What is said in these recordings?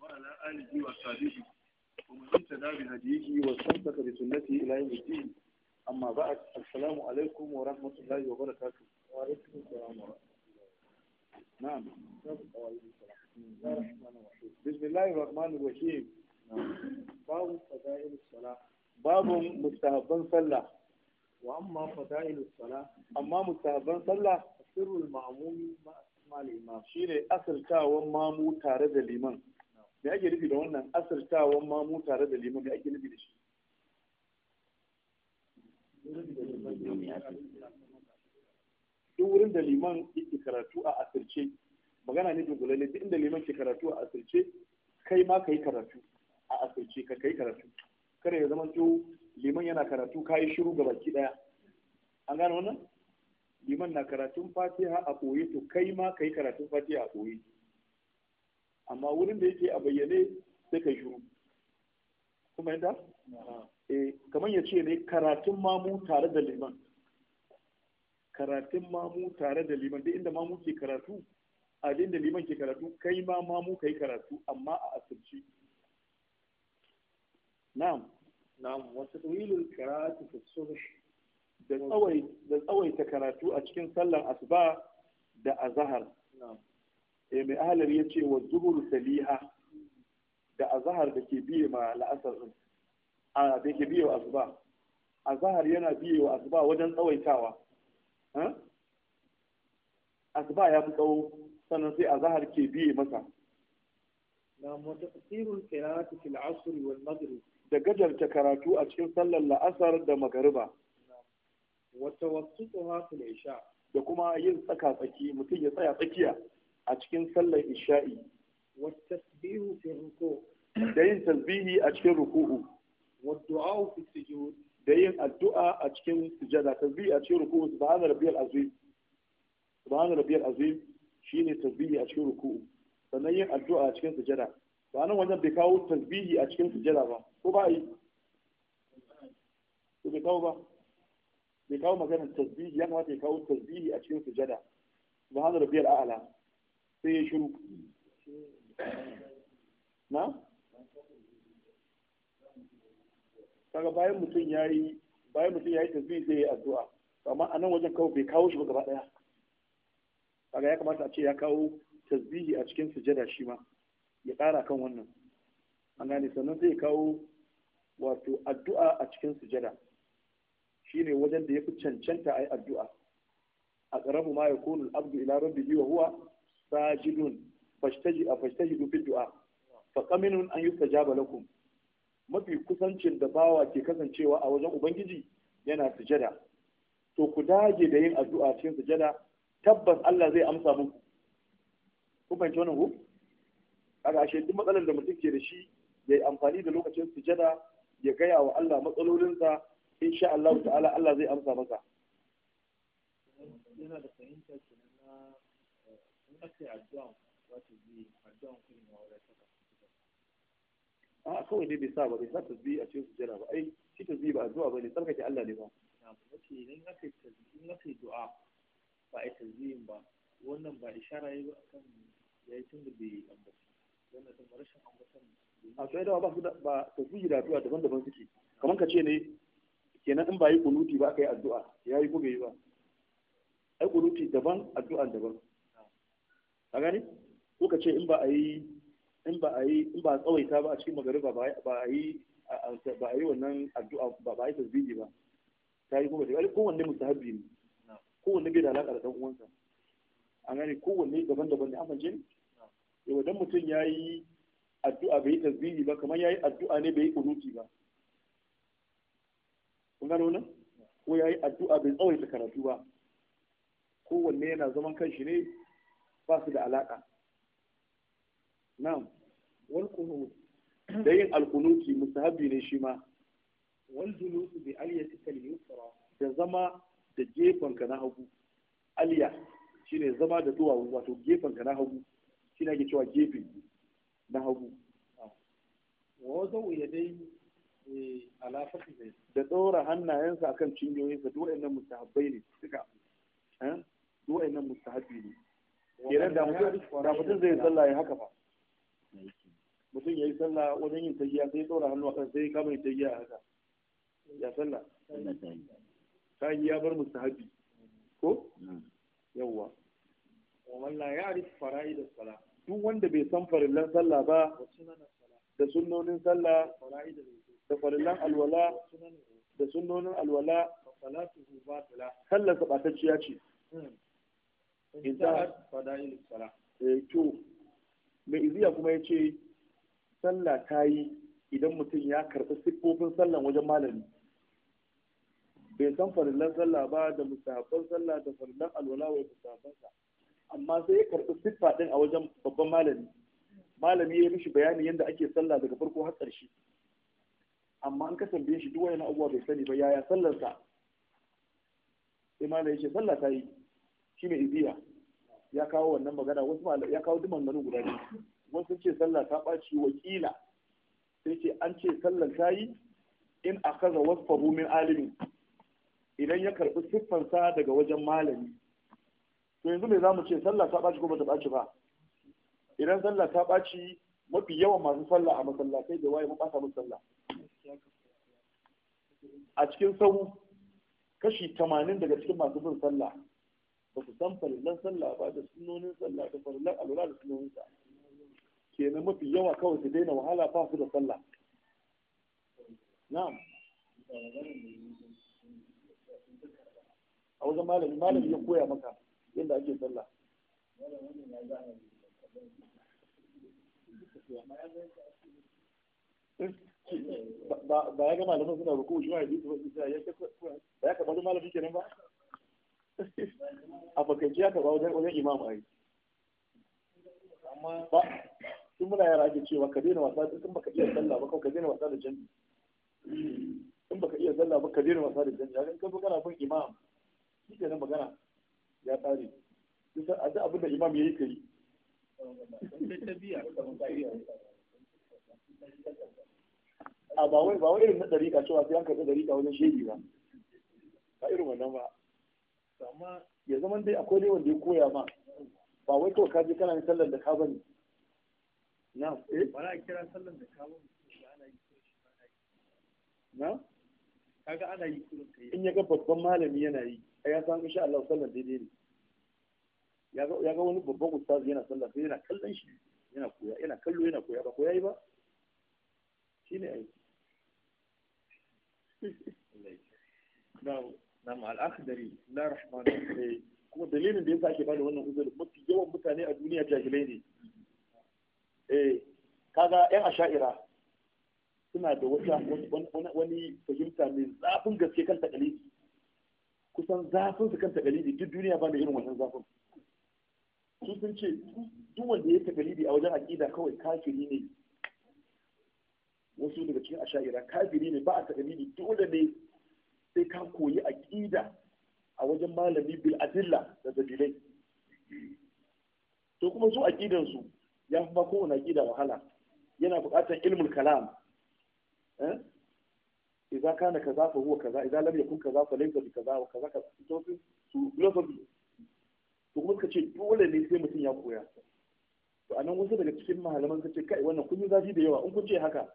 وعلى آله وصحبه ومن اهتدى بهديه واستمسك بسنته إلى يوم الدين أما بعد السلام عليكم ورحمة الله وبركاته وعليكم السلام ورحمة الله نعم بسم الله الرحمن الرحيم باب فضائل الصلاة باب مستحبان صلاة وأما فضائل الصلاة أما مستحبان صلاة سر المعموم مع ne asirtawan mamu tare da liman me ake nufi da wannan asirtawan mamu tare da liman me ake nufi da shi duk wurin da liman yake karatu a asirce magana ne lalle duk inda liman ke karatu a asirce kai ma ka yi karatu a asirce ka kai karatu kada ya zama to liman yana karatu ka yi shiru ga baki daya an gane wannan liman na karatun fatiha a ɓoye to kai ma ka yi karatun fatiha a ɓoye amma wurin da yake a bayyane sai ka shiru kuma yadda eh kamar ya ce ne karatun mamu tare da liman karatun mamu tare da liman duk inda mamu ke karatu a inda liman ke karatu kai ma mamu ka yi karatu amma a asirci na'am na'am wasu tawilul karatu fi subh da tsawaita karatu a cikin sallar asuba da azahar eh mai ahalar ya ce wa zuhur saliha da azahar da ke biye ma la'asar din a da ke biye wa asuba azahar yana biye wa asuba wajen tsawaitawa asuba ya fi tsawo sannan sai azahar ke biye masa na mutasirul qira'ati fil asr wani maghrib da gajarta karatu a cikin sallar la'asar da magariba wata wasu tsohafin isha da kuma yin tsaka tsaki mutum ya tsaya tsakiya a cikin sallar isha'i wata tasbihu fi ruku da yin tasbihi a cikin ruku'u Wata du'a fi sujud da yin addu'a a cikin sujada tasbihi a cikin ruku'u subhana rabbiyal azim subhana rabbiyal azim shine tasbihi a cikin ruku'u sannan yin addu'a a cikin sujada ba nan wajen bai kawo tasbihi a cikin sujada ba ko ba yi bai kawo ba bai kawo magana tasbihi ya kamata ya kawo tasbihi a cikin sujada subhana rabbiyal a'la sai ya shiru na kaga bayan mutum yayi bayan mutum yayi tasbihi sai ya addu'a amma a nan wajen kawo bai kawo shi ba gaba daya kaga ya kamata a ce ya kawo tasbihi a cikin sujada shi ma ya ƙara kan wannan an gane sannan zai kawo wato addu'a a cikin sujada shine wajen da yafi cancanta a yi addu'a aqrabu ma yakunu al-abdu ila rabbihi wa huwa sajidun fashtaji a fashtaji fi du'a fa qaminun an yustajaba lakum mafi kusancin da bawa ke kasancewa a wajen ubangiji yana sujada to ku dage da yin addu'a cikin sujada tabbas Allah zai amsa muku ku fahimci wannan ku kaga ashe duk matsalar da mutum ke da shi yayi amfani da lokacin sujada ya gaya wa Allah matsalolinsa insha Allah ta'ala Allah zai amsa maka yana da fahimta kenan na eh, in addu'a wato bi addu'a kuma na wani saka a kawai ne bai sa ba bai sa ta tasbih a cikin sujjada ba ai shi tasbih ba addu'a ne, tsarkake Allah ne ba na ce idan na in du'a ba a ta tasbihin ba wannan ba ishara yi ba akan yi tun da bai ambaci wannan da rashin ambatan a sai da ba su da ba tasbih da addu'a daban-daban suke kamar ka ce ne kenan in ba yi kunuti ba aka yi addu'a ya yi ko bai yi ba ai kunuti daban addu'a daban a gani ko ce in ba a yi in ba a yi in ba a tsawaita ba a cikin magariba ba a yi ba a yi wannan addu'a ba ba a yi tasbihi ba ta yi kuma da kowanne mustahabbi ne kowanne bai da alaƙa da dan uwansa gani gane kowanne daban-daban ne amince fahimce yau dan mutum ya yi addu'a bai yi tasbihi ba kamar ya yi addu'a ne bai yi kunuti ba kun gano nan ko ya yi addu'a bai tsawaita karatu ba kowanne yana zaman kanshi ne ba su da alaƙa na'am wal qunut da yin alqunuti musahabi ne shi ma wal julus bi aliyati kal yusra da zama da gefen ka na hagu aliya shine zama da duwawu wato gefen ka na hagu shine ake cewa gefe na hagu wa wazau yadayhi Eh, da ɗora hannayensa kan cinyoyinsa duk wa'annan mustahabbai ne duka eh? duk wa'annan mustahabbi ne kenan da mutum da zai sallah ya haka ba mutum ya yi sallah wajen yin tagiya sai ɗora hannu a kan sai kama yin tagiya haka ya sallah yi ya bar mustahabbi ko hmm. yawwa Wala ya arif fara'id da salah duk wanda bai san farillan sallah ba da sunnonin sallah fara'id da da alwala da sunnonin alwala salatuhu ɓatacciya ce intahat eh, to mai iziya kuma ce sallah ta yi idan mutum ya karɓi siffofin sallan wajen malami bai san farillan sallah ba da musabban sallah da farillan alwala wa musabban sa amma sai ya karɓi siffa ɗin a wajen babban malami malami ya mishi bayani yadda ake sallah daga farko har ƙarshe amma an kasance shi duk wani abuwa bai sani ba yaya sallarsa sai ya ce sallah ta yi shi mai ibiya ya kawo wannan magana wasu ya kawo duk maganganun guda ne wasu ce sallah ta ɓaci wakila sai ce an ce sallar ta yi in a kaza wasu min alimin idan ya karɓi siffansa daga wajen malami to yanzu me za mu ce sallah ta ɓaci ko ba ta ɓaci ba idan sallah ta ɓaci mafi yawan masu sallah a masallatai da waye mu ɓata musu sallah a cikin sahu kashi tamanin daga cikin masu bin sallah ba su san farillan sallah ba da sunonin sallah da farillan alwala da sunonin sa na mafi yawa kawai su daina wahala ba su da sallah na'am a wajen malami malami ya koya maka yadda ake sallah eh? ba ya ga malaman suna ruku shi wa hadisi wasu sai ya ba ya kamar malami kenan ba a fakanci ya karba wajen wajen imam ai ba sun muna yara ake cewa ka daina wasa in baka iya sallah ba ka daina wasa da jami'i in baka iya sallah ba ka daina wasa da jami'i in ka zo kana bin imam shi kenan magana ya tsare a duk abin da imam ya yi sai a ba wai ba wai irin na dariƙa cewa sai an karɓi dariƙa wajen shehi ba ba irin wannan ba amma ya zama dai akwai dai wanda ya koya ma ba wai kawai ka kana yin sallar da ka bane na eh ba na kira sallar da ka bane na kaga ana yi kullum kai in ya ga babban malami yana yi ya san insha Allah sallar daidai ne ya ga wani babban ustaz yana Sallar. sai yana kallon shi yana koya yana kallo yana koya ba koyayi yi ba shine ai na'am al'akhdari la rahman kuma dalilin da yasa ake bada wannan hujjar mafi yawan mutane a duniya jahilai ne eh kaga yan asha'ira suna da wata wani fahimta mai zafin gaske kan takalidi kusan zafin su kan takalidi duk duniya ba da irin wannan zafin su sun ce duk wanda ya takalidi a wajen aqida kawai kafiri ne wasu daga cikin asha'ira kafiri ne ba a takadimi dole ne sai ka koyi aqida a wajen malami bil adilla da dalilai to kuma su aqidan su ya fi ba kowane aqida wahala yana buƙatar ilmul kalam eh idza kana kaza fa huwa kaza idza lam yakun kaza fa laysa bi kaza wa kaza ka to su philosophy to kuma kace dole ne sai mutum ya koya to anan wasu daga cikin malaman kace kai wannan kun yi zafi da yawa in kun ce haka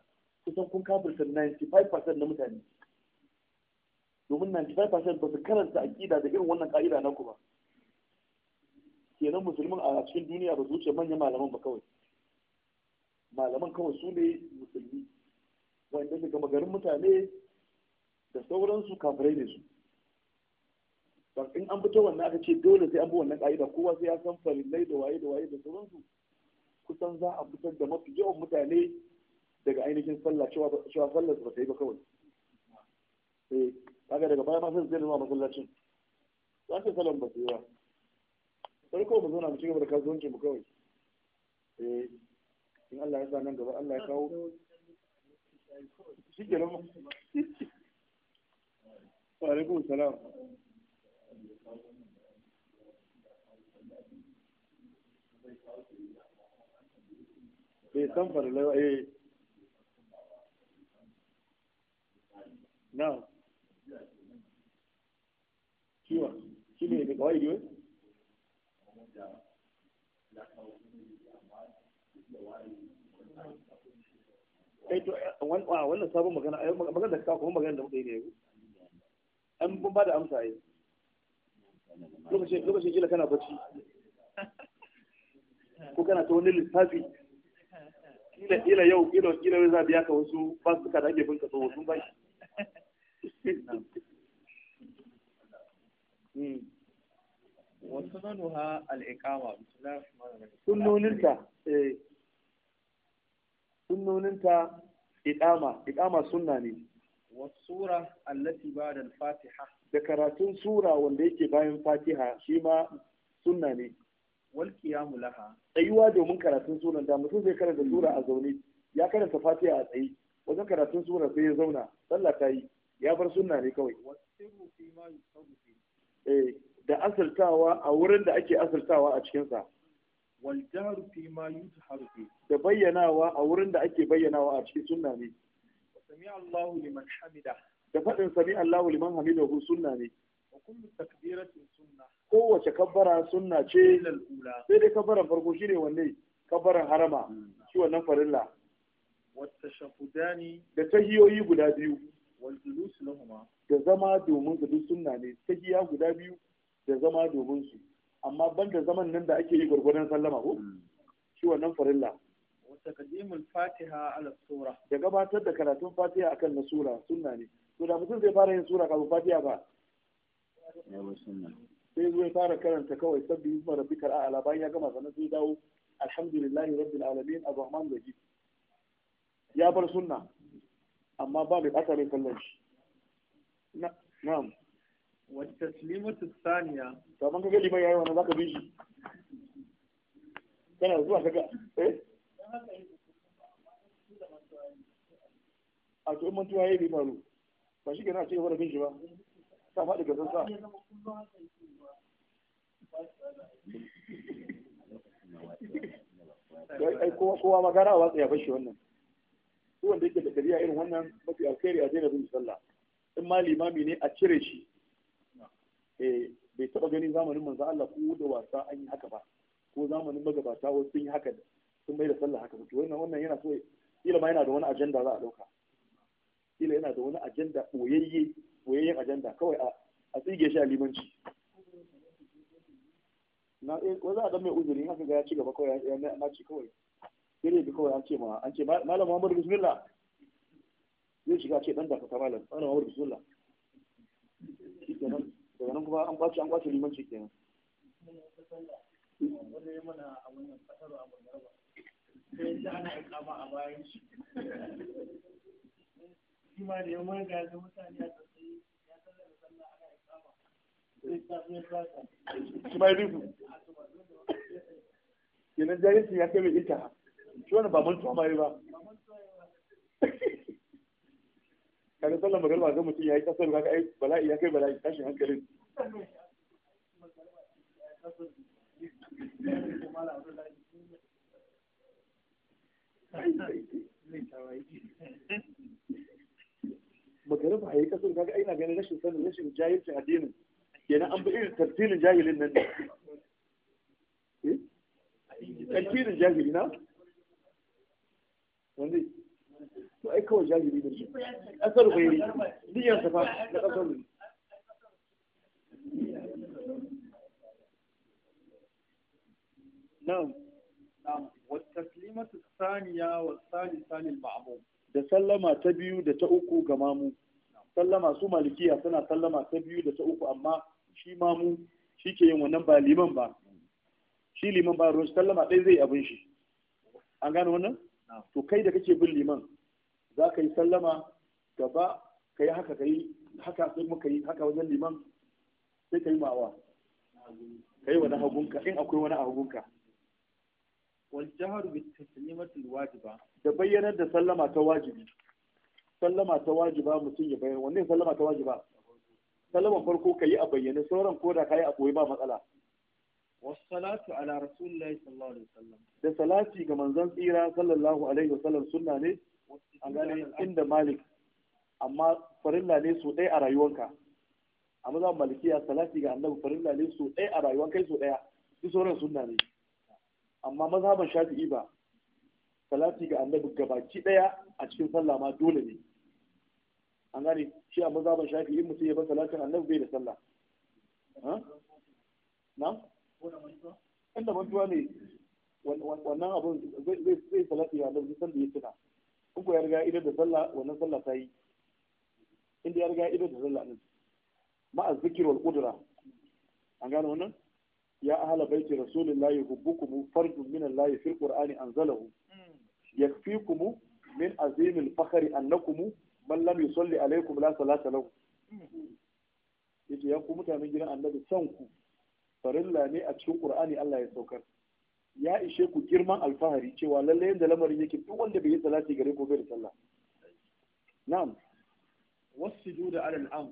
kusan kun kafirta 95% na mutane domin 95% ba su karanta aƙida da irin wannan ƙa'ida na ku ba kenan musulmin a cikin duniya ba su wuce manyan malaman ba kawai malaman kawai su ne musulmi wanda daga magarin mutane da sauransu kafirai ne su in an fito wannan aka ce dole sai an bi wannan ka'ida kowa sai ya san farillai da waye da waye da sauransu kusan za a fitar da mafi yawan mutane daga ainihin sallah cewa sallar ba ta yi ba kawai eh kaga daga baya ma sai zai nuna masallacin za ka salon ba su yi ba farko mu zauna mu ci gaba da kasuwancin mu kawai eh in Allah ya sa nan gaba Allah ya kawo shi ke wa alaikum salam bai san farilla eh, eh na kiwa shi ne daga wai kai to wannan uh, uh, sabon magana uh, magana da kawo kuma magana da muka yi ne yau an bin ba da amsa yi lokacin kila kana bacci ko kana ta wani lissafi kila yau kila yau za biya ka wasu ba su ka da ake bin ka so wasu ba wasu nanuha al'iƙama sunnoninta sunnoninta iƙama iƙama sunna ne wasura allati ba'da fatiha da karatun sura wanda yake bayan fatiha shi ma sunna ne tsayuwa domin karatun sura da mutum zai karanta sura a zaune ya karanta fatiha a tsayi, wajen karatun sura sai ya zauna sallah ta yi ya bar sunna ne kawai eh, da asaltawa a wurin da ake asaltawa a cikin sa wal jaru fi ma yuzharu da bayyanawa a wurin da ake bayyanawa a cikin sunna ne sami Allahu liman hamida da faɗin sami Allahu liman hamidahu sunna ne wa kullu takbiratin sunna kowace kabbara sunna ce sai dai kabbaran farko shine wanne kabbaran harama hmm. shi wannan farilla wa tashahhudani da tahiyoyi guda biyu da zama domin su duk sunna ne giya guda biyu da zama domin su amma ban da zaman nan da ake yi gwargwadon sallama ko hmm. shi wannan farilla wata kadimul fatiha ala sura da gabatar da karatun fatiha akan na sura sunna ne to da mutum zai fara yin sura kafin fatiha ba sai zai fara karanta kawai sabbi isma bikar a'la bayan ya gama sannan zai dawo alhamdulillahi rabbil alamin arrahman rahim ya bar sunna amma ba mai ɓata kallon shi na'am wata taslimatu saniya to amma kaga liman yayi wannan zaka bi shi kana zuwa kaga eh a to mun tuwa yayi limaru ba shi kenan a cikin wani bin shi ba ta faɗi ga sa ai kowa magana a watsa ya fashe wannan duk wanda yake da gariya irin wannan mafi alkhairi a daina bin sallah in ma limami ne a cire shi eh bai taba ganin zamanin manzo Allah ko da wasa an yi haka ba ko zamanin magabata wasu sun yi haka sun bai da sallah haka to wannan wannan yana so kila ma yana da wani agenda za a dauka kila yana da wani agenda, boyayye boyayyen agenda kawai a a tsige shi a limanci na eh wanda mai uzuri haka ga ya ci gaba kawai ya na ci kawai sai da kawai an ce ma an ce malam Muhammad bismillah zai shiga ce dan dakata malam malam Muhammad bismillah daga nan kuma an kwace an kwace kenan wanda ya mana a wannan kasar a Bangarba sai ya ana ikama a bayan shi shi ma da yawan ga yanzu mutane a tsaye ya sallar da sallah ana ikama sai ta fiye shi ya rufu kenan jahilci ya kai mai ita shi ba mantuwa ma yi ba kaga sallar ba ga mutum ya yi kasar kaga ai bala'i ya kai bala'i tashin hankalin magarba ya yi kasar kaga ai na ganin rashin sanin rashin jahilcin addinin kenan an bi irin tartilin jahilin nan ne eh? tartilin jahili na wanda to ai kawai jahili da shi kasar bai diyan sa fa da kasar ne na'am na'am wa taslimatu thaniya wa thalitha lil ma'mum da sallama ta biyu da ta uku ga mamu sallama su malikiya suna sallama ta biyu da ta uku amma shi mamu shi ke yin wannan ba liman ba shi liman ba ruwan sallama ɗaya zai abin shi an gane wannan to kai da kake bin liman za ka yi sallama gaba ka yi haka ka yi haka sai muka yi haka wajen liman sai ka yi mawa ka yi wani hagunka in akwai wani hagunka wal jahar bi taslimatil wajiba da bayyanar da sallama ta wajibi sallama ta wajiba mutum ya bayyana wanne sallama ta wajiba sallama farko ka yi a bayyana sauran ko da ka yi a koyi ba matsala wasu ala rasulillahi sallallahu alaihi wasallam da salati ga manzon tsira sallallahu alaihi wasallam sunna ne a ganin inda malik amma farilla ne su ɗaya a rayuwanka a mazan malikiya salati ga annabi farilla ne su ɗaya a rayuwan kai su ɗaya su sauran sunna ne amma mazhaban shafi'i ba salati ga annabi gabaki ɗaya a cikin sallah ma dole ne an gane shi a mazhaban shafi'i mutum ya bar salatin annabi bai da sallah inda mantuwa ne wannan abin zai salati ya dauki sanda ya tuna in ya riga idan da sallah wannan sallah ta yi inda ya riga idan da sallah din ma'a zikir wal qudra an gano wannan ya ahala baiti rasulillahi hubbukum fardun minan layi fil qur'ani anzalahu hmm. yakfikum min azim al fakhri annakum man lam yusalli alaykum la salata lahu hmm. yace ya ku mutanen gidan annabi san ku farilla ne a cikin Qur'ani Allah ya saukar ya ishe ku girman alfahari cewa lalle yadda lamarin yake duk wanda bai yi salati gare ko bai da sallah na'am wasu da ala al'am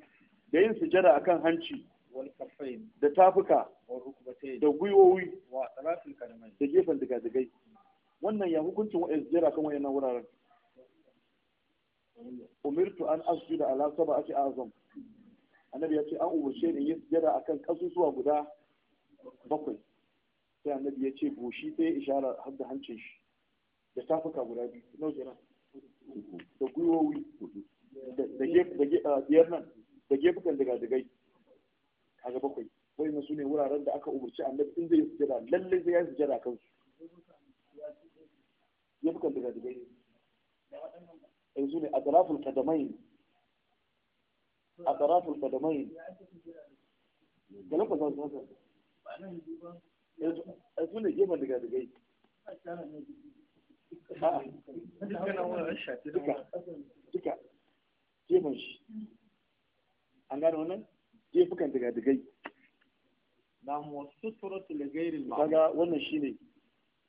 da yin sujada akan hanci wal kafain da tafuka wal rukbatayn da gwiwowi wa tarafil kadamain da gefen digadigai wannan ya hukuncin wa sujada kan wayannan wuraren umirtu an asjuda ala sab'ati azam annabi ya ce an umarce ni yin sujada akan kasusuwa guda bakwai sai annabi ya ce goshi sai ishara har da hancin shi da tafuka guda biyu nau kenan da gwiwowi da biyar nan da gefukan daga-dagai kaga bakwai wani su ne wuraren da aka umarci annabi in zai yi sujada lallai zai ya yi sujada kansu gefukan daga-dagai yanzu ne a tarafin kadamai a tarafin kadamai galafin zasu a su ne gefen daga daga yi duka duka gefen shi an gane wannan gefukan daga daga yi na wasu turatu da gairin ma'a kaga wannan shi ne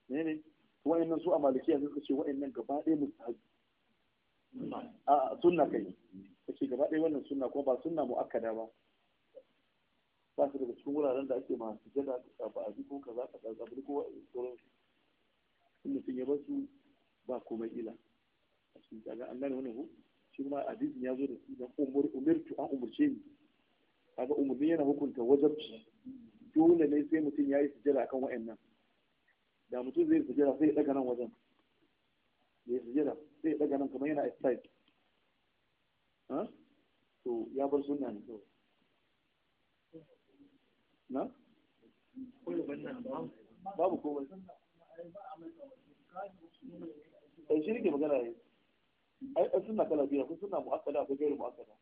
ne ne wa'annan su a malikiya suka ce nan gaba ɗaya mustahabi a suna kai kace gaba ɗaya wannan suna ko ba suna sunna mu'akkada ba ba su daga cikin wuraren da ake masu jada ka tsafa a ko ka za ka tsafa ko sauran in mutum ya basu ba komai ila a cikin kaga an gane wannan ko shi kuma hadisin ya zo da su da umirtu an umurce ni kaga umurni yana hukunta wajabci dole ne sai mutum ya yi sujada akan wa'annan da mutum zai sujada sai ya daga nan wajen ya sujada sai ya daga nan kamar yana a to ya bar sunna ne kawai na babu komai ai eh, shi ne magana ne ai an suna kala biyu kun suna mu'akkada akwai gairu mu'akkada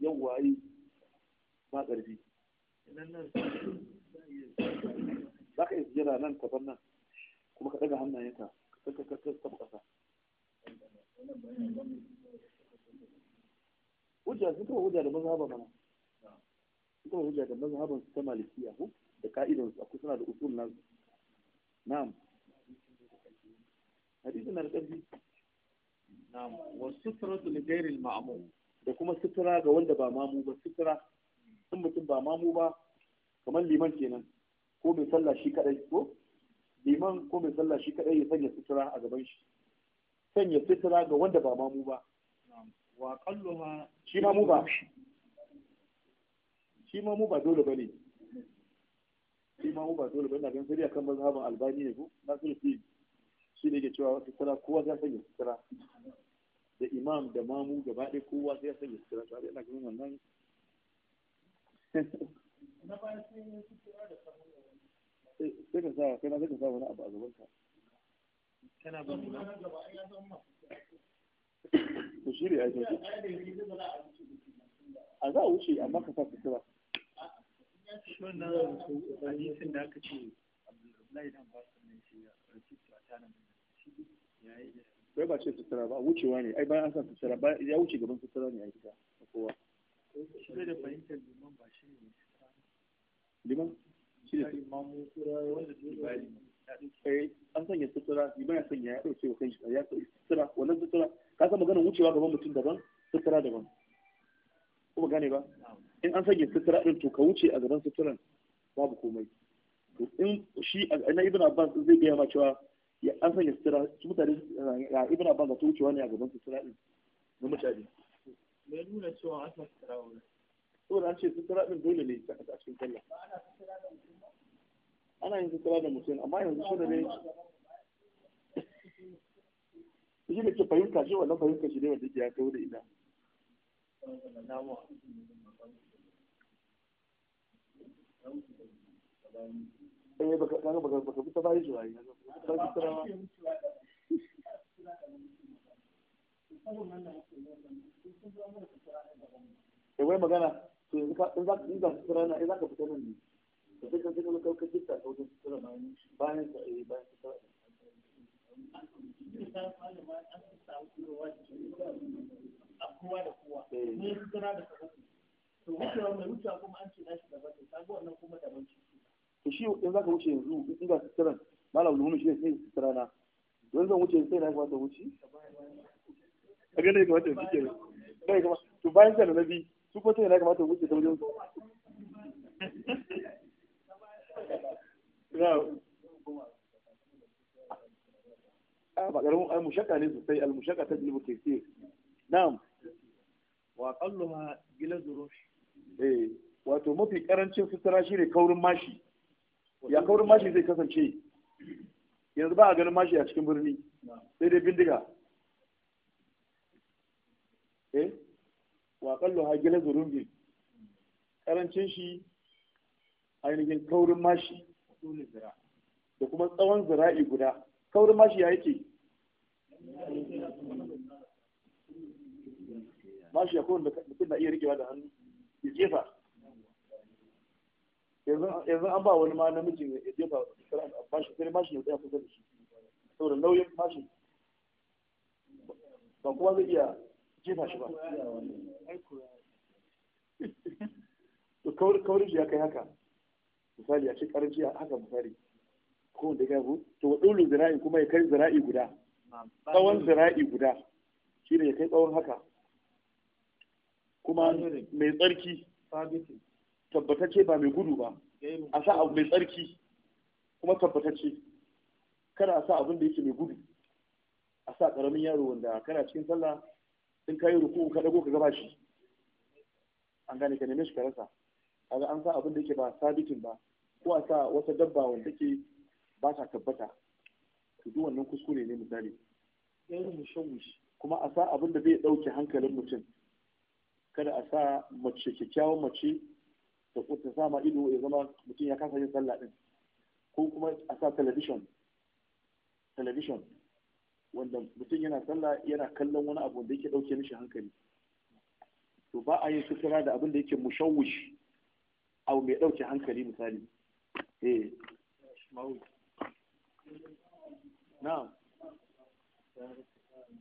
yau wayi ba ƙarfi za ka iya jira nan ka nan kuma ka ɗaga hannayenka ka ka ka ka ƙasa hujja sun kawo hujja da mazhaba mana kuma hujja da mazhaban su ta malikiya ko da ka'idan su akwai suna da usul nan na'am hadisi na da na'am wa sutura li ghairi ma'amu da kuma sutura ga wanda ba mamu ba sutura sun mutum ba mamu ba kamar liman kenan ko mai sallah shi kadai ko liman ko mai sallah shi kadai ya sanya sutura a gaban shi sanya sutura ga wanda ba mamu ba wa qalluha shi mamu ba shi ma mu ba dole ba ne shi ma mu ba dole ba ne sai kan mazhabin albani ne ko na fi shi ne ke cewa wasu kowa ta sanya sutura da imam da mamu gaba ɗaya kowa sai sanya sutura tare ina ganin wannan na sai da sabon sai ka sa kai na sai ka sa wani abu a gaban ka kana ba mu ku shirya ake a za a wuce amma ka sa sutura shi ba bai ba ce sutura ba wucewa ne ai bayan an san sutura ba ya wuce gaban sutura ne a gida a kowa shi ne da fahimtar liman ba shi ne liman shi da imamu sutura wanda ke eh an sanya sutura liman ya sanya ya ɗauke wa kanshi ya sutura wannan sutura ka san maganar wucewa gaban mutum daban sutura daban ko ba gane ba in an sage sutura din to ka wuce a gaban suturan babu komai to in shi na ibn abbas zai gaya ma cewa ya an sanya sutura su mutane ya ibn abbas da ta wucewa ne a gaban sutura din na mutane mai nuna cewa an san sutura wani saboda an ce sutura din dole ne a cikin kalla ana yin sutura da mutum amma yanzu shi da ne shi da ke fahimta shi wannan fahimta shi ne wanda ke ya kawo da ina Eh, eh wai magana to yanzu ka in za ka sutura na eh, za ka fita nan ne ka fita ka ka wajen sutura bayan eh bayan da kowa ne sutura da to eh. wucewa kuma an ce na shi daban ne kaga wannan kuma daban ce to shi in zaka wuce yanzu in ga sitiran malam lumu shi ne sai sitira don zan wuce sai na ga wata wuce a ga ne ga wata wuce kai kuma to bayan sai na bi su ko sai na ga wata wuce ta wajen su a ah, ba karamin almushaka ne sosai almushaka ta jilibu kesir wa Eh, wato mafi karancin sutura ne kaurin mashi ya kaurin mashi zai kasance yanzu ba a ganin mashi a cikin birni sai dai bindiga eh wa kallo ha gila zurumbi karancin shi ainihin kaurin mashi da kuma tsawon zira'i guda kaurin mashi ya yake mashi ya kowanne mutum na iya rikewa da hannu ya jefa yanzu an ba wani ma namiji ya jefa bashi sai mashi ya tsaya kusa da shi saboda nauyin mashi ba kowa zai iya jefa shi ba to kaurin ya kai haka misali a ce karanci haka misali ko wanda ya to wa ɗolin zira'i kuma ya kai zira'i guda tsawon zira'i guda shi ne ya kai tsawon haka kuma mai tsarki tabbatacce ba mai gudu ba a sa abu mai tsarki kuma tabbatacce kada a sa abin da yake mai gudu a sa karamin yaro wanda kana cikin sallah in ka yi ruku ka dago ka gaba shi an gane ka neme shi ka rasa kaga an sa abin da yake ba sabitin ba ko a sa wata dabba wanda ke ba ta tabbata to duk wannan kuskure ne misali kuma a sa abin da zai dauke hankalin mutum kada a sa mace kyakkyawan mace da ta sama ido ya zama mutum ya kasa yin sallah din ko kuma a sa television television wanda mutum yana sallah yana kallon wani abu da yake dauke mishi hankali to ba a yin sutura da abin da yake mushawish abu mai dauke hankali misali eh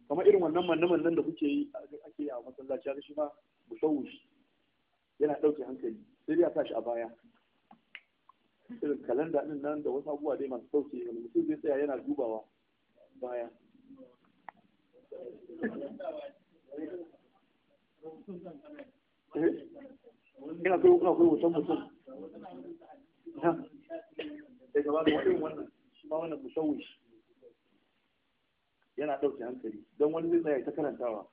kamar irin wannan manne-mannen da kuke yi ake yi a masallaci shi ba. shi yana ɗauke hankali sai ya tashi a baya irin kalanda ɗin nan da wasu abubuwa dai masu sauke wani mutum zai tsaya yana dubawa baya Yana eh? kai kuna kai wutan mutum daga ba da wani wannan shi ma wannan shi yana ɗauke hankali don wani zai tsaya ta karantawa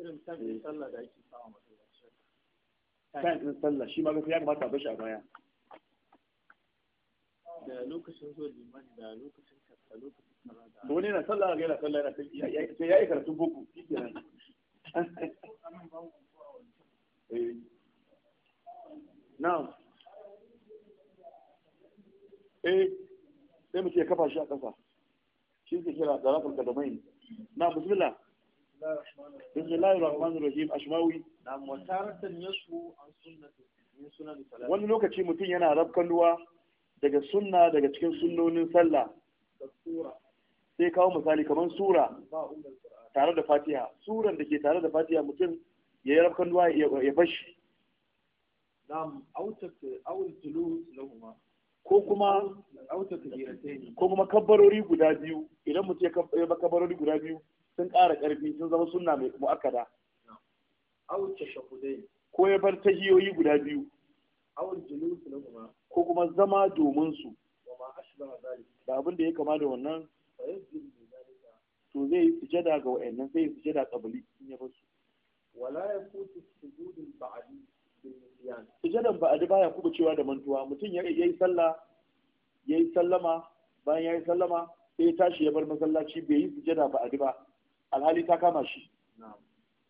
irin tankin eh. sallah da ake sawa masallaci tankin sallah shi ma gaskiya ya kamata a bashi a baya da lokacin zuwa limani da lokacin da lokacin sallah da wani yana sallah ga yana sallah yana sai ya yi karatun boko shikenan eh. na'am eh sai mu ce kafa shi a kafa shi ke kira da rafin kadamai na bismillah bismillahir rahmanir rahim ashmawi yasu an salat wani lokaci mutum yana rabkan ruwa daga sunna daga cikin sunnonin sallah sai kawo misali kamar sura tare da fatiha suran da ke tare da fatiha mutum ya yi rabkan ruwa ya bashi ko kuma ko kuma kabbarori guda biyu idan mutum ya kabbarori guda biyu sun ƙara ƙarfi sun zama suna mai mu'akkada aw shafudai. ko ya bar ta hiyoyi guda biyu aw na kuma. ko kuma zama domin su da abin da ya kama da wannan to zai yi sujada ga wayannan zai yi sujada qabli in ya bar su wala yafutu sujudul ba'di sujadan ba'adi baya kuma cewa da mantuwa mutum ya yi sallah ya yi sallama bayan ya yi sallama sai ya tashi ya bar masallaci bai yi sujada ba'di ba alhali ta kama shi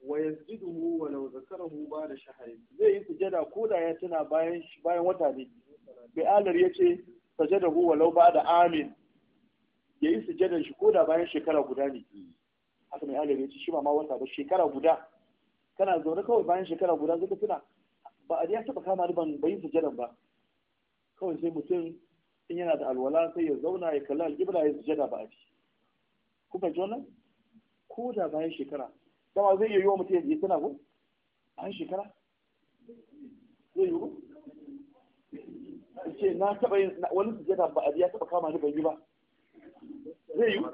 wa yazjiduhu wa law zakarahu da shahari. zai yi sujada ko da ya tuna bayan bayan wata ne Bai alar sujada sajadahu wa ba da amin ya yi sujadan shi ko da bayan shekara guda ne haka mai alar ce shi ba ma wata ba shekara guda kana zaune kawai bayan shekara guda zai ka tuna ba a ya taɓa kama ni ban yi sujadan ba kawai sai mutum in yana da alwala sai ya zauna ya kalla al'ibra ya sujada ba a ci kuma jonan ko da bayan shekara dama zai iya yi wa mutum ya tana ko an shekara zai yi ko ce na taɓa yin wani sujada ba a ya taɓa kama ni bai ba zai yiwu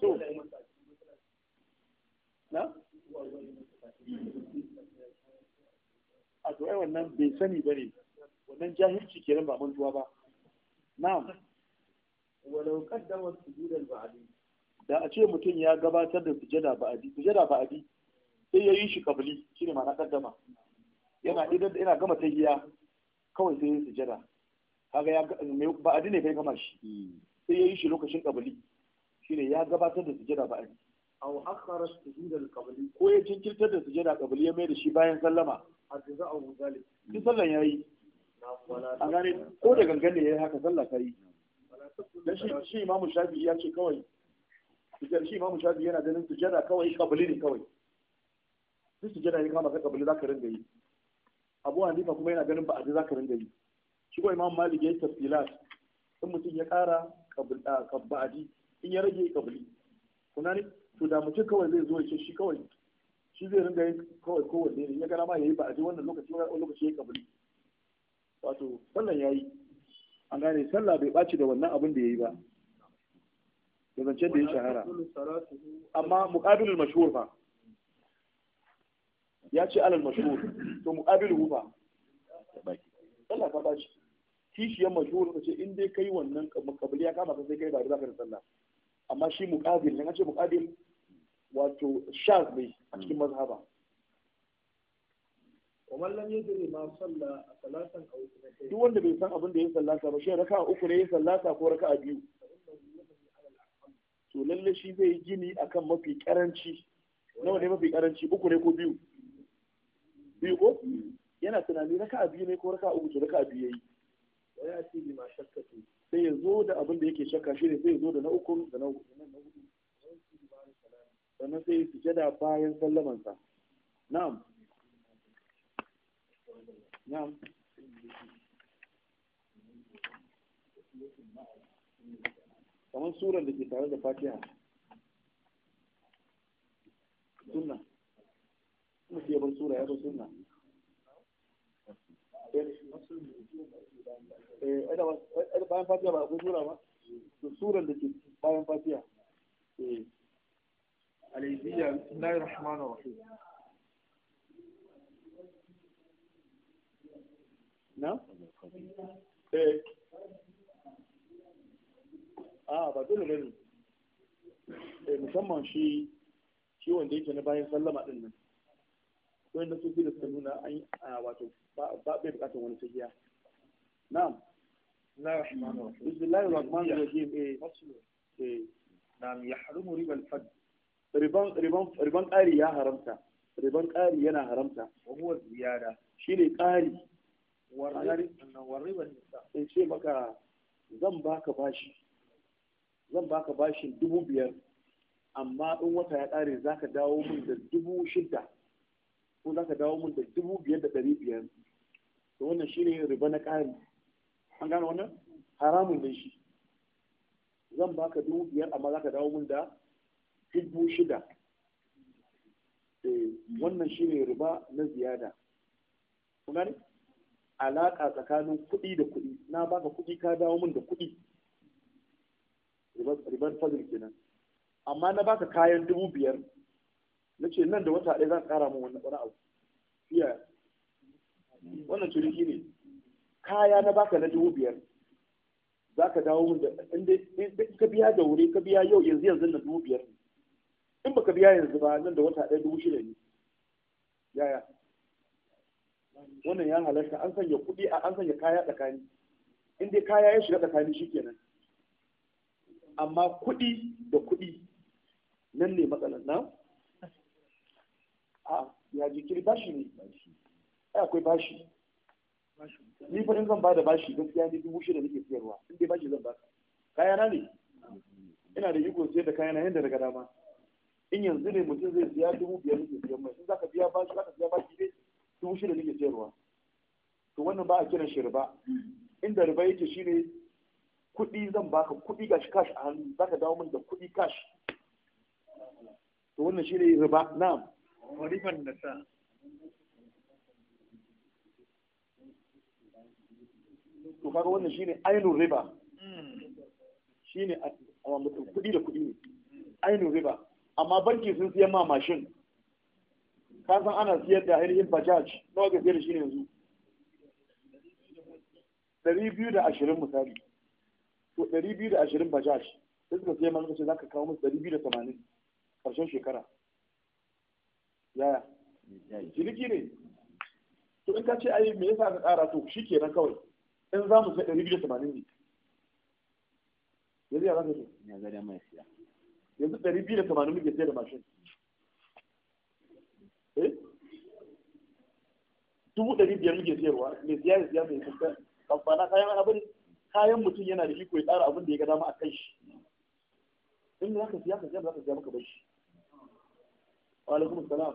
so na a to ai wannan bai sani bane wannan jahilci kenan ba mantuwa ba na'am law qaddama sujud al-ba'di da a ce mutum ya gabatar da sujada ba'adi sujada ba'adi sai ya yi shi kabli shine ma'ana qaddama yana idan yana gama tahiyya kawai sai ya sujada kaga ya ba'adi ne kai gama shi sai ya yi shi lokacin kabli shine ya gabatar da sujada ba'adi aw akhara sujud al-qabli ko ya jinkirtar da sujada qabli ya mai da shi bayan sallama ajza'u zalik duk sallan yayi an gane ko da gangan ne ya yi haka sallah yi. dan shi imamu shafi ya ce kawai shi imamu shafi yana ganin sujada kawai kabili ne kawai duk sujada ne kama ka kabili za ka ringa yi abu hanifa kuma yana ganin ba'adi ka ringa yi shi ko imamu malik ya yi in mutum ya kara ba'adi in ya rage kabili kuna ne to da mutum kawai zai zo ya ce shi kawai shi zai ringa yin kawai kowanne ne ya gara ma ya yi ba'adi wannan lokaci wannan lokaci ya kabili wato wannan ya yi an gane sallah bai ɓaci da wannan abin da ya yi ba da zance da ya shahara amma muƙabilul mashhur fa ya ce alal mashhur to muƙabilu fa sallah ta ɓaci kishiyar mashhur ta ce in dai kai wannan muƙabili ya kama ka sai kai ba da ka da sallah amma shi muƙabil ne ka ce muƙabil wato shaz ne a cikin mazhaba wa ya ma salla a salatan a wuce duk wanda bai san abin da ya sallata ba shi raka uku ne ya sallata ko raka a biyu to lalle shi zai yi gini akan mafi karanci nawa ne mafi karanci uku ne ko biyu biyu ko yana tunani raka a biyu ne ko raka uku to raka a biyu yayi wa ci bi ma shakkatu sai ya zo da abin da yake shakka shi ne sai ya zo da na uku da na hudu sannan sai ya sujada bayan sallamansa na'am na'am kamar suran da ke tare da fatiha sunna kuma ke bar sura ya bar sunna eh bayan fatiha ba akwai sura ba to suran da ke bayan fatiha eh na yi rahmanir rahim na? eh a ah, ba dole ne. eh musamman shi shi wanda yake na bayan sallama din nan wani na sufi da suka nuna an a wato ba bai bukatar wani sahiya na'am bismillahir rahmanir rahim eh eh na'am yahrumu ribal fad riban riban riban ƙari ya haramta riban ƙari yana haramta wa ziyara shine ƙari warriban nisa sai ce maka zan baka bashi zan baka bashin dubu biyar amma in wata ya ƙare za ka dawo min da dubu shida ko za ka dawo min da dubu biyar da ɗari biyar to wannan shi ne riba na ƙari an gane wannan haramun ne shi zan baka dubu biyar amma za ka dawo min da dubu shida eh, wannan shi ne riba na ziyada kun gane alaka tsakanin kuɗi da kuɗi na baka kuɗi ka dawo min da kuɗi ribar fazil kenan amma na baka kayan dubu biyar na ce nan da wata ɗaya zan ƙara min wani abu fiya wannan shi ne kaya na baka na dubu biyar za ka dawo min da in ka biya da wuri ka biya yau yanzu yanzu na dubu biyar in baka biya yanzu ba nan da wata ɗaya dubu shida ne yaya wannan ya halarta an sanya kuɗi a an sanya kaya tsakani in dai kaya ya shiga tsakani shikenan amma kuɗi da kuɗi nan ne matsalar na a ya jikiri bashi ne ai akwai bashi ni fa in zan ba da bashi gaskiya ni dubu shida nake siyarwa in dai bashi zan ba kaya na ne ina da iko siyar da kaya na yadda daga dama in yanzu ne mutum zai siya dubu biyar nake siyan mai in zaka biya bashi zaka wannan ba a kiran shi riba inda riba yake shine kuɗi zan baka kuɗi gashi kashi a hannu zaka dawo min da kuɗi kashi to wannan shine riba na'am riban da ta to kaga wannan shine ainihin riba hmm. shine a mutum kuɗi da kuɗi ne ainihin riba amma banki sun siyan ma mashin ka san ana siyar da ainihin bajaj nawa ga siyar da shi ne yanzu ɗari biyu da ashirin misali to ɗari biyu da ashirin bajaj sai suka sai mana ce za kawo musu ɗari biyu da tamanin ƙarshen shekara yaya ciniki ne to in ka ce ai me yasa ka ƙara to shi kenan kawai in za mu sai ɗari biyu da tamanin ne yanzu ya za ka ce yanzu ɗari biyu da tamanin muke sai da mashin eh? dubu ɗari biyar muke sayarwa mai siya da siya mai fuskanta amfana kayan abin kayan mutum yana da iko ya tsara abin da ya ga dama a kan shi in za ka siya ka siya ba za ka siya maka bashi wa alaikum salam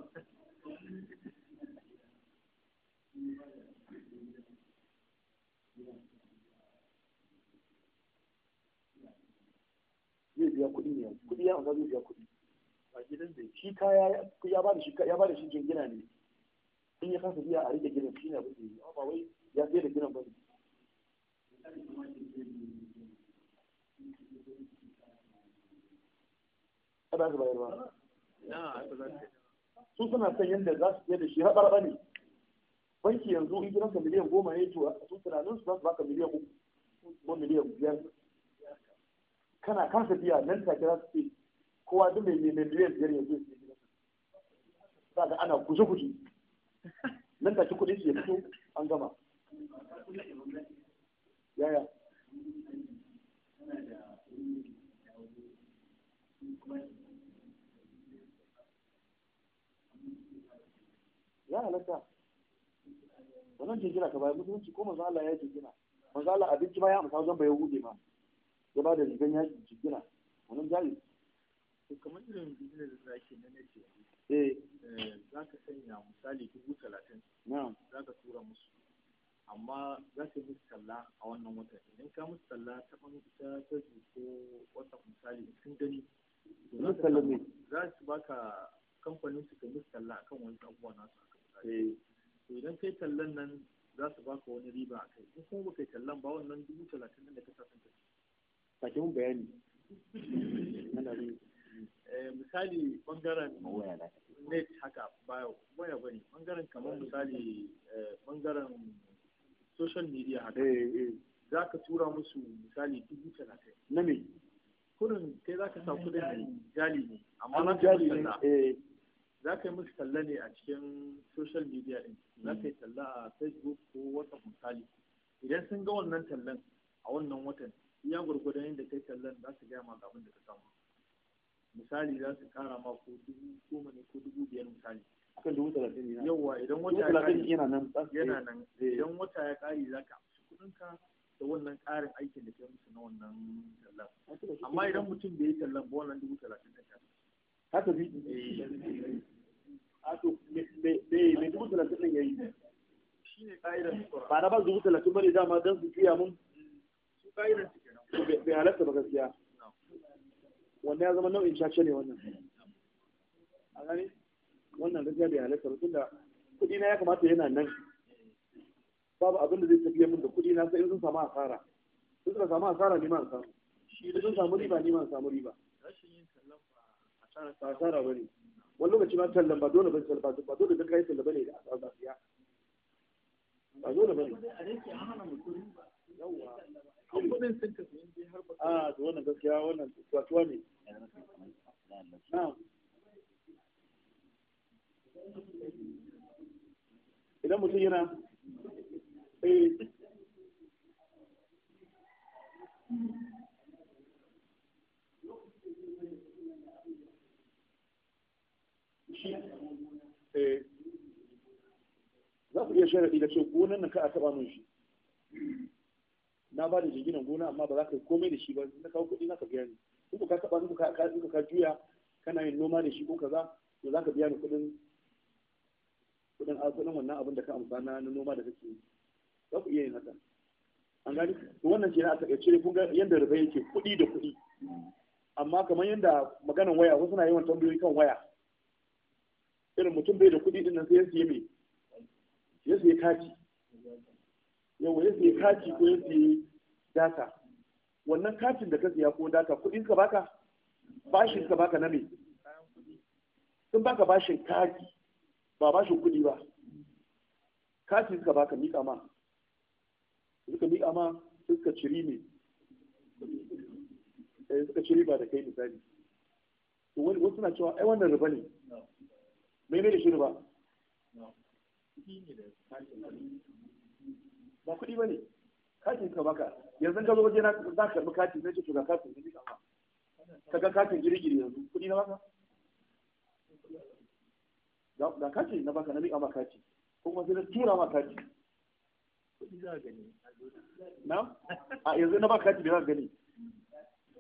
zai biya kuɗi ne kuɗi ya amsa zai biya kuɗi a gidan da shi kaya ya ba da shi ya ba da shi jingina ne in ya kasa biya a rike gidan shi ne abin da ya yi ba wai ya sai da gidan ba ne ba su bayarwa su suna son yadda za su da shi haɓar ne banki yanzu in gidan ka miliyan goma ya to su tunanin su za su baka miliyan uku ko miliyan biyar kana kan biya nan take za su ce kowa duk mai miliyan biyar yanzu ya za ka ana guje-guje nan take kuɗi su ya fito an gama yaya ya halatta wannan jingina ka bayan musulunci ko manzo Allah ya jingina manzo Allah abinci ma ya amsa zan bayan hude ma ya ba da rigan ya jingina wannan jari kamar irin jingina da zaki na ce eh, eh zaka sanya misali dubu talatin za ka tura musu amma za ka musu talla a wannan wata idan ka musu talla ta ita ta ko wata misali sun gani za su baka kamfanin su ka musu talla akan wani abubuwa nasu akan misali eh. to idan kai tallan nan za su baka wani riba a kai in kuma baka tallan ba wannan dubu talatin nan da ka sa ta tafi. Sake mun bayani. Eh, misali bangaren net haka baya bane bangaren kamar misali bangaren eh, social media haka eh, eh, za ka tura musu misali dubu talatin na me kudin kai za ka sa kudin ne jali ne amma na jali ne eh. za ka yi musu talla ne a cikin social media din hmm. za ka yi talla a facebook ko whatsapp misali idan sun ga wannan tallan a wannan watan iya gwargwadon yadda kai tallan za su gaya ma ga da ka samu misali za su kara ma ko dubu goma ne ko dubu biyar misali akan dubu talatin ya yana nan da wannan ƙarin aikin da ke musu na wannan tallan amma idan mutum bai yi tallan ba wannan dubu talatin da ta tafi eh. a to me dubu talatin ɗin ya yi ba na ba dubu talatin ba ne dama don su juya mun su ƙa'idar su kenan bai halatta ba gaskiya ya zama nau'in cace ne wannan eh. a gani wannan gaskiya bai halatta ba tunda kuɗi na ya kamata yana nan babu abin da zai tafiya min da kuɗi na sai in sun samu asara in suka samu asara ne ma an samu in sun samu riba ne ma an samu riba asara ba ne wani lokaci ma tallan ba dole ba tallan ba dole da kai tallan ba ne da asara ba ya. ba dole ba ne yawa an kuɗin sun har ba a ah, wannan gaskiya wannan tsatuwa ne na'am idan mutum yana eh, eh, za ku iya sharaɗi da ce gonan nan ka a taɓa mun shi na ba da jinginan gona amma ba za ka yi komai da shi ba na kawo kuɗi na ka biya ni in ka taɓa in ka juya kana yin noma da shi ko kaza to za ka biya ni kuɗin kudin asalin wannan abin da ka amsa na noma da kake za ku iya yin haka an gani wannan na aka ce kun ga yanda riba yake kuɗi da kuɗi amma kamar yanda maganan waya wasu na yawan tambayoyi kan waya irin mutum bai da kuɗi din nan sai ya siye me ya siye kati yawa ya siye kaci ko ya siye data wannan katin da ka siya ko data kudin ka baka bashin ka baka na me sun baka bashin kati ba ba shi kuɗi ba kati suka baka miƙa ma suka miƙa ma suka ciri ne eh, suka ciri ba da kai misali to wani wasu na cewa ai wannan riba ne mene da shi riba ba kuɗi ba ne katin ka baka yanzu ka zo waje na za ka karɓi katin zai ce to ga katin ne ka ga katin girgiri yanzu kuɗi na baka ga kaci na baka na miƙa ma kaci ko kuma sai na tura ma kaci na a yanzu na baka kaci bai za gani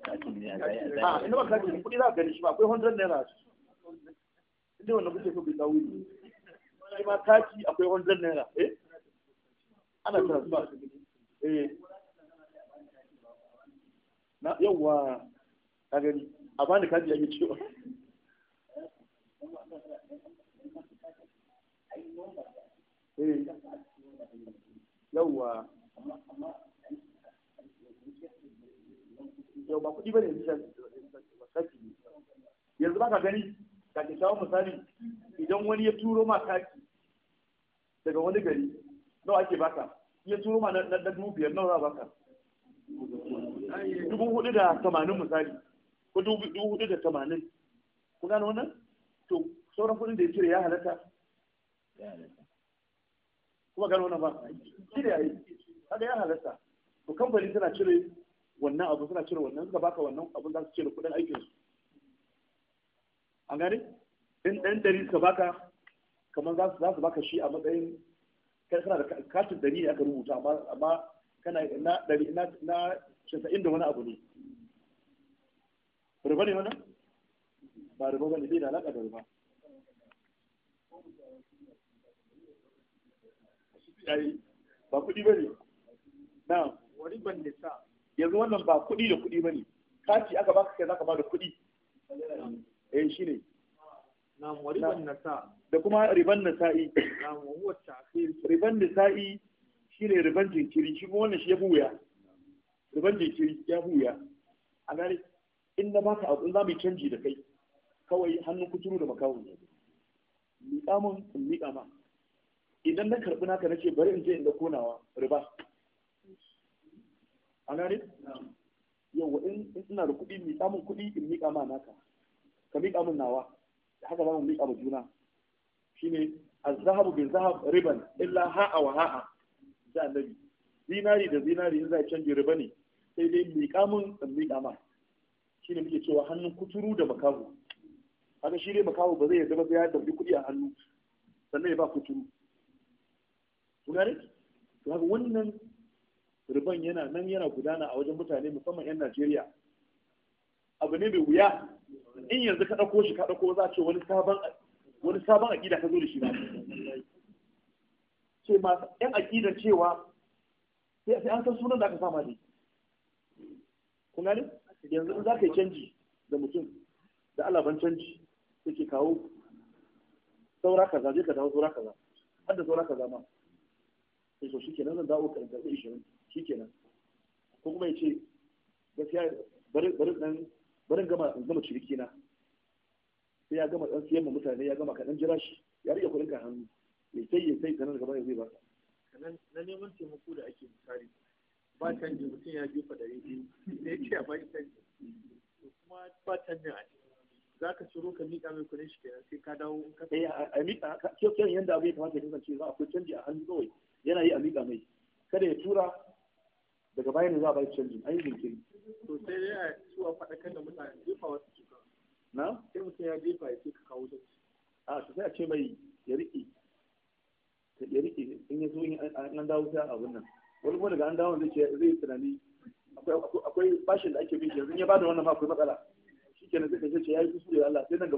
a ina baka kaci kuɗi za gani shi ba akwai 100 naira inda wannan kuke so bai dawo ne shi ma kaci akwai naira eh ana eh na yawa ka gani a bani kaji ake cewa Eh. yauwa yau kuɗi ba ne yanzu baka ka gani ka ke shawo misali idan wani ya turo ma kaki daga wani gari nawa ake baka ya turo ma na dubu biyar nawa za baka dubu hudu da tamanin misali ko dubu hudu da tamanin kuna gano wannan to sauran kudin da ya cire ya halatta kuma gano wannan ba cire da yayi kaga ya halatta to kamfani suna cire wannan abu suna cire wannan suka baka wannan abun za su cire kuɗin aikin su an gane in ɗan ɗari suka baka kamar za su baka shi a matsayin suna da katin ɗari ne aka rubuta amma kana na na na casa'in da wani abu ne riba ne wannan ba riba ba ne bai da alaƙa da riba ba ba ne na wani ban da sa yanzu ba kuɗi da kuɗi ba ne aka baka kai zaka ba kuɗi eh shi ne da kuma riban na jinkiri shi kuma wannan shi ya buya riban a inda baka abu za mu canji da kai kawai hannun kuturu da makawun ne miƙa mun in miƙa ma idan na karɓi naka na ce bari in je inda konawa riba a gane yau in ina da kuɗi miƙa kuɗi in miƙa ma naka ka miƙa min nawa da haka za mu miƙa ma juna shine azhabu bil zahab riban illa ha'a wa ha'a da annabi zinari da zinari in za a riba ne sai dai miƙa mun in miƙa ma shine muke cewa hannun kuturu da makaho ana shi ne makaho ba zai yarda ba ya dauki kuɗi a hannu sannan ya ba kuturu ku gane to haka wannan riban yana nan yana gudana a wajen mutane musamman yan Najeriya abu ne mai wuya in yanzu ka ɗauko shi ka ɗauko za a ce wani sabon wani sabon aƙida ka zo da shi ba ce masu yan aƙidan cewa sai an san sunan da aka sama ne kun gane yanzu in za ka yi canji da mutum da alaban canji yake kawo saura kaza je ka dawo saura kaza har da saura kaza ma eh, sai so kenan zan dawo ka karɓi shi kenan ko kuma ya ce gaskiya bari bari dan bari gama in gama ciriki na sai ya gama dan siyan ma mutane ya gama ka dan jira shi ya rike kudin ka hannu ya sai ya sai sanar gaba ya zai baka na neman taimako da ake misali ba canji mutum ya jefa ɗari biyu sai ya ce a ba shi canji kuma ba canjin a ciki za ka ciro ka miƙa mai kuɗin shi kenan sai ka dawo in ka eh, a miƙa kiyon yanda abu ya kamata ya kasance za akwai canji a hannu kawai yana yi a miƙa mai kada ya tura daga bayan za a bai canji a yi jinkiri to sai dai a su a faɗa faɗakar da mutane jefa wasu cuta na sai mutum ya jefa ya ce ka kawo canji a to sai a ce mai ya riƙe ya riƙe in ya zo an dawo sai abun nan wani kuma daga an dawo zai ce zai tunani akwai bashin da ake bin shi yanzu ya bada wannan ma akwai matsala sai sai zai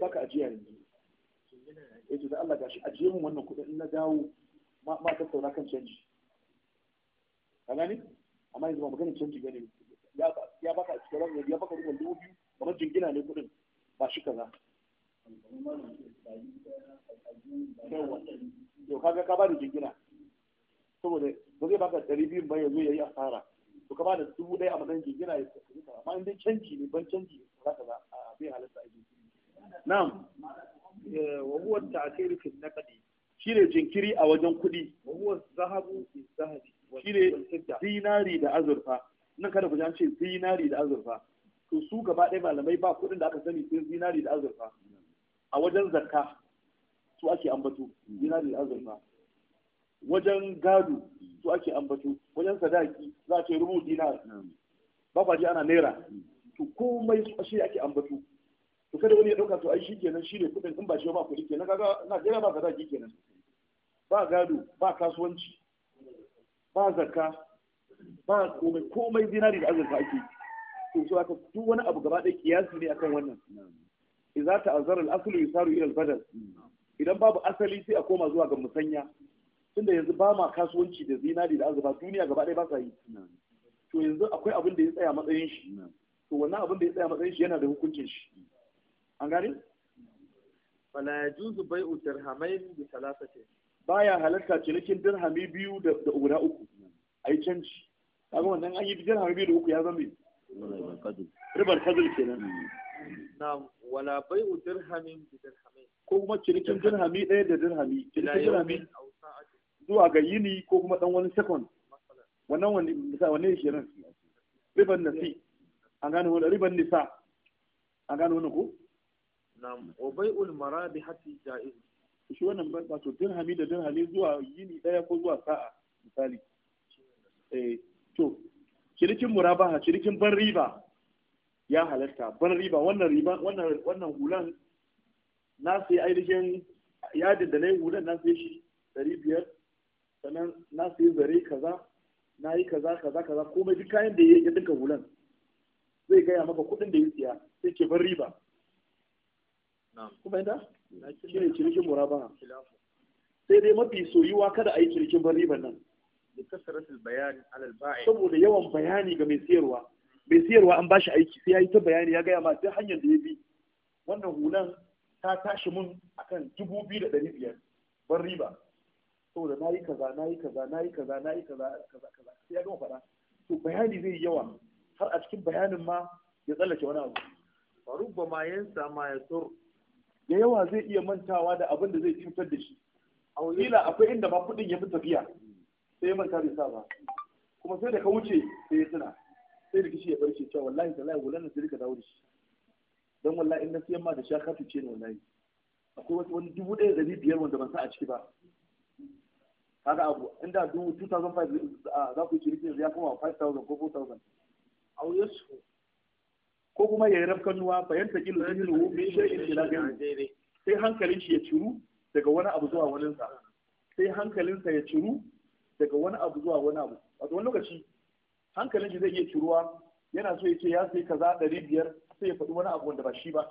baka ajiya yanzu ya eh, ce da Allah gashi ajiye mun wannan kuɗin na dawo ma tattauna kan canji ka gani amma yanzu ba maganin canji gane ya baka ya baka ruwan dubu biyu kamar jingina ne kuɗin ba shi kaza yau kaga ka bani jingina saboda ba zai baka ɗari biyu ba yanzu ya yi asara to ka bani dubu ɗaya a matsayin jingina ya kuka amma in dai canji ne ban canji za ka za a bai halatta a jingina na'am eh, wa huwa ta'sir fi naqdi shine jinkiri a wajen kuɗi wa huwa zahabu fi zahabi shine dinari da azurfa nan kada ku ji an ce dinari da azurfa to su gaba ɗaya malamai ba kuɗin da aka sani sai dinari da azurfa a wajen zakka su ake ambato dinari da azurfa wajen gado su ake ambato wajen sadaki za a ce rubu dinar ba ba ana naira to komai shi ake ambato to kada wani ya dauka to ai shi kenan shi ne kudin in ba shi ba kudi kenan kaga na jira ba sadaki kenan ba gado ba kasuwanci ba zakka ba komai komai dinari da azurfa ake to so aka duk wani abu gaba ɗaya kiyasi ne akan wannan idza ta azara al'asali ya saru ilal badal idan babu asali sai a koma zuwa ga musanya tunda yanzu ba ma kasuwanci da zinari da azaba duniya gaba ɗaya ba sa yi to yanzu akwai abin da ya tsaya matsayin shi to wannan abin da ya tsaya matsayin shi yana da hukuncin shi an gane fala yajuzu bai'u dirhamain bi thalathati baya halatta cinikin dirhami biyu da guda uku ai canji kaga wannan an yi dirhami biyu da uku ya zama ribar kadul kenan Na'am wala u dirhamin bi dirhamin. Ko kuma cinikin dirhami ɗaya da dirhami. Cinikin dirhami zuwa ga yini ko kuma ɗan wani second. Wannan wani misali wani shirin. Riban nasi. An gane wani riban nisa. An gane wani ko? Na'am wa bai ul bai'ul marabihati ja'iz. Shi wannan ba to dirhami da dirhami zuwa yini ɗaya ko zuwa sa'a misali. Eh to cinikin murabaha cinikin ban riba. ya halatta ban riba wannan riba wannan wannan hulan na sai ainihin yadin da na yi hulan na sai shi ɗari biyar sannan na sai zare kaza na yi kaza kaza kaza komai duk kayan da ya dinka hulan zai gaya maka kuɗin da ya siya sai ke ban riba kuma yadda shi ne cinikin murabana sai dai mafi soyuwa kada a yi cinikin ban riban nan saboda yawan bayani ga mai siyarwa mai siyarwa an bashi aiki sai ya yi ta bayani ya gaya ma "Sai hanyar da ya bi wannan hulan ta tashi mun akan dubu biyu da ɗari biyar ban riba saboda na yi kaza na yi kaza na yi kaza na yi kaza kaza kaza sai ya gama faɗa to bayani zai yi yawa har a cikin bayanin ma ya tsallake wani abu faru ba ma yansa ma ya tsor da yawa zai iya mantawa da abin da zai cutar da shi a wajila akwai inda ma kuɗin ya fi tafiya sai ya manta bai sa ba kuma sai da ka wuce sai ya tuna sai rikici ya barke cewa wallahi da lai gulan sai rika dawo da shi dan wallahi in na siyan ma da sha kafi ce ne wallahi akwai wasu wani dubu ɗaya ɗari biyar wanda ban sa a ciki ba kaga abu inda dubu 2005 za ku yi cirikin ya kuma 5000 ko 4000 a su, ko kuma ya yi rafkan nuwa fahimta kilo zai ruwu mai shirin ila gani sai hankalin shi ya ciru daga wani abu zuwa wani sai hankalinsa ya ciru daga wani abu zuwa wani abu wato wani lokaci hankalin shi zai iya ciruwa yana so ya ce ya sai kaza ɗari biyar sai ya faɗi wani abu wanda ba shi ba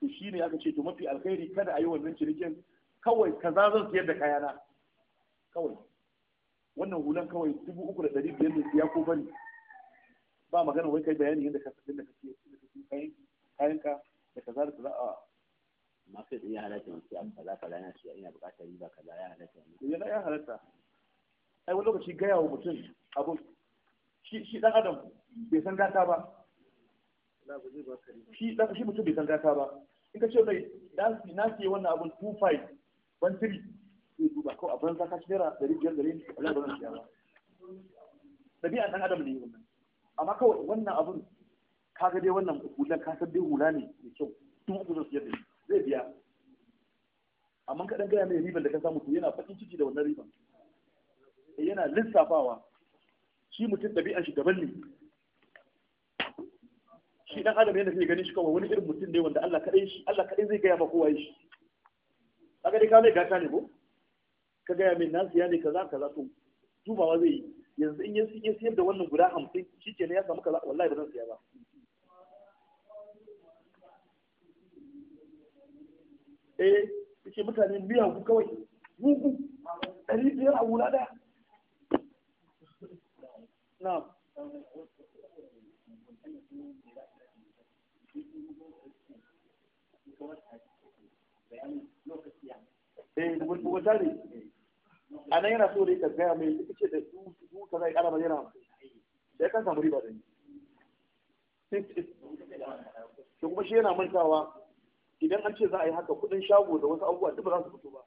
to shi ne aka ce to mafi alkhairi kada a yi wannan cinikin kawai kaza zan siyar da kayana kawai wannan hulan kawai dubu uku da ɗari biyar ne siya ko bane ba magana wai kai bayani yadda ka yadda ka siya kayan kayanka da kaza da kaza a masu ya halatta mu siya kaza kaza yana siya ina buƙatar riba kaza ya halatta mu ya halatta ai wani lokaci gaya wa mutum abun shi dan adam bai san gata ba shi dan shi mutum bai san gata ba in ka ce mai na wannan abun 25 duba ko a banza ka dan adam ne wannan amma kawai wannan abun ka ga dai wannan hulan ka san dai hula ne da kyau tun uku zai biya amma kaɗan gaya mai riban da ka samu yana bakin ciki da wannan riban eh, yana lissafawa shi mutum ɗabi'an shi daban ne shi dan adam yana zai ganin shi kawai wani irin mutum ne wanda Allah kaɗai shi Allah kaɗai zai gaya ma kowa shi kaga dai ka mai gata ne ko ka gaya mai, nan siya ne kaza kaza to dubawa zai yi yanzu in yi siyar da wannan guda hamsin shi ke ya samu kaza wallahi ba zan siya ba eh ce mutane miyagu kawai mugu ɗari biyar a wula ɗaya na'am eh yana so da ita gaya mai suka ce da su su ka zai kara bayyana da ya kan samu riba da ni to kuma shi yana mantawa idan an ce za a yi haka kudin shago da wasu abubuwa duk ba za su fito ba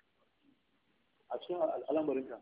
a cikin al'amarinka